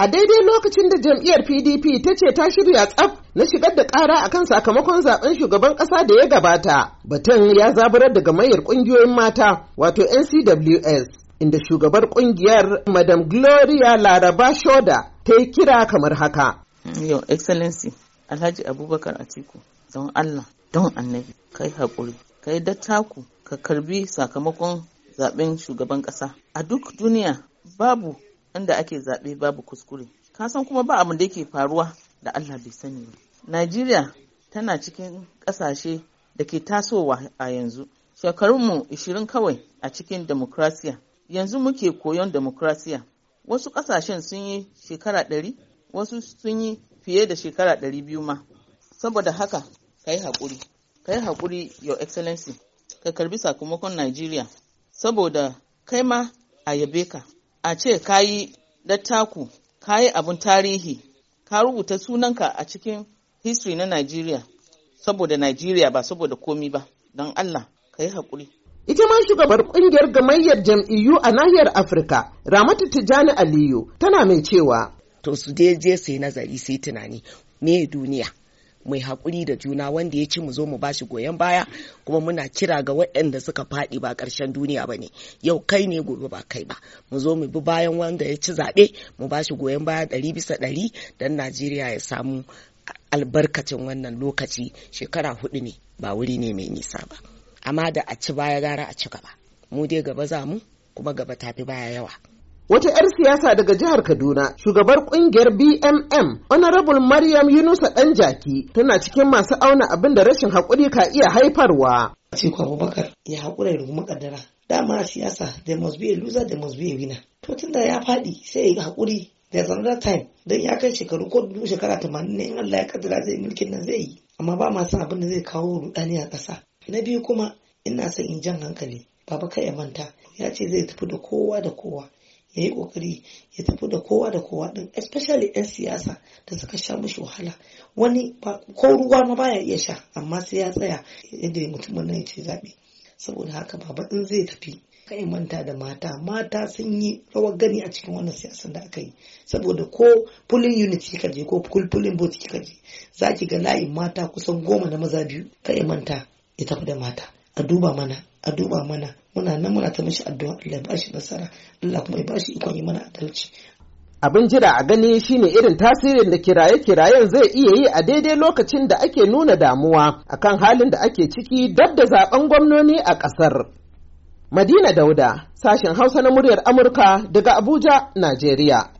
a daidai lokacin da jam'iyyar pdp ta ce ta shirya tsaf na shigar da kara kan sakamakon zaben shugaban kasa da ya gabata batun ya zaburar daga mayar kungiyoyin mata wato ncws inda shugabar kungiyar madam gloria laraba shoda ta yi kira kamar haka your excellency alhaji abubakar atiku don allah don annabi kai haƙuri kai dattaku ka karbi sakamakon zaben shugaban ƙasa a duk duniya babu inda ake zaɓe babu kuskure ka san kuma ba abin da yake faruwa da Allah bai sani ba Najeriya tana cikin ƙasashe da ke tasowa a yanzu shekarunmu ishirin kawai a cikin demokrasiya yanzu muke koyon demokrasiya wasu ƙasashen sun yi shekara ɗari, wasu sun yi fiye da shekara ɗari biyu ma saboda haka ka yi haƙuri ka yi haƙuri your excellency ka karbi sakamakon Najeriya saboda kai ma a yabe ka a ce ka yi dattaku ka yi abin tarihi ka rubuta sunanka a cikin history na Najeriya saboda Najeriya ba saboda komi ba don Allah ka yi haƙuri. Ita ma shugabar ƙungiyar gamayyar jam'iyyu a nahiyar Afirka, Ramatu Tijjani Aliyu, tana mai cewa. To su je su yi nazari sai tunani, me duniya? mai hakuri da juna wanda ya ci mu zo mu bashi goyon baya kuma muna kira ga waɗanda suka faɗi ba ƙarshen duniya ba ne yau kai ne gobe ba kai ba mu zo mu bi bayan wanda ya ci zaɓe mu bashi goyon baya ɗari bisa ɗari don najeriya ya samu albarkacin wannan lokaci shekara hudu ne ba wuri ne mai nisa ba amma da a ci baya gara a ci gaba mu dai gaba za mu kuma gaba tafi baya yawa wata 'yar siyasa daga jihar Kaduna, shugabar kungiyar BMM, Honorable Maryam Yunusa ɗan jaki tana cikin masu auna abin da rashin haƙuri ka iya haifarwa. Atiku Abubakar ya haƙura da rungumar ƙaddara. Dama siyasa, they must be a loser, they must be a winner. To tunda ya faɗi sai ya yi haƙuri there's another time don ya kai shekaru ko dubu shekara tamanin ne in Allah ya kaddara zai mulkin nan zai yi amma ba ma san abin da zai kawo rudani a ƙasa na biyu kuma ina son in jan hankali baba kai ya manta ya ce zai tafi da kowa da kowa ya yi kokari ya tafi da kowa da kowa din especially 'yan siyasa da suka sha mushi wahala wani ko ruwa ma baya iya sha amma sai ya tsaya yadda mutumin nan ya ce zaɓe saboda haka baba in zai tafi kai manta da mata mata sun yi rawar gani a cikin wannan siyasan da aka yi saboda ko pulling unit kika je ko pulling boat kika je za ki ga layin mata kusan goma na maza biyu kai manta ya tafi da mata a duba mana a duba mana muna nan muna ta mishi addu'a Allah ya shi nasara Allah kuma ya shi ikon yi mana adalci abin jira a gani shine irin tasirin da kiraye-kirayen zai iya yi a daidai lokacin da ake nuna damuwa akan halin da ake ciki dab da zaben gwamnoni a ƙasar. Madina Dauda, sashen Hausa na muryar Amurka daga Abuja, Najeriya.